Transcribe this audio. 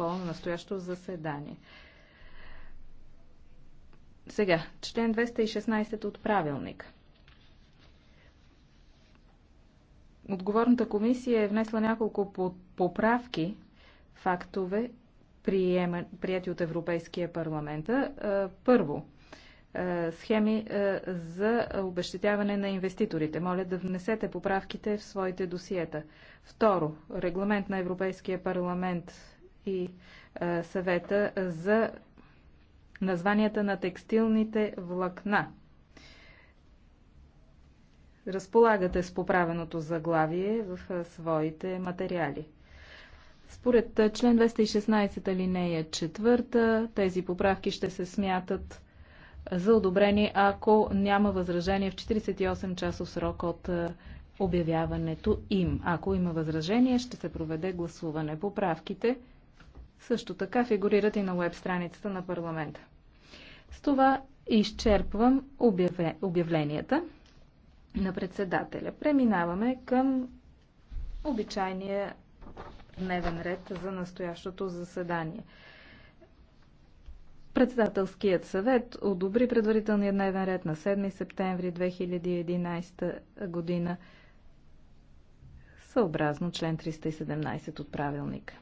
протокол на настоящо заседание. Сега, член 216 от правилник. Отговорната комисия е внесла няколко поправки, фактове, приема, прияти от Европейския парламент. Първо, схеми за обещетяване на инвеститорите. Моля да внесете поправките в своите досиета. Второ, регламент на Европейския парламент и съвета за названията на текстилните влакна. Разполагате с поправеното заглавие в своите материали. Според член 216 линея 4, тези поправки ще се смятат за одобрени, ако няма възражение в 48 часов срок от обявяването им. Ако има възражение, ще се проведе гласуване. Поправките също така фигурират и на веб страницата на парламента. С това изчерпвам обявленията на председателя. Преминаваме към обичайния дневен ред за настоящото заседание. Председателският съвет одобри предварителния дневен ред на 7 септември 2011 година съобразно член 317 от правилника.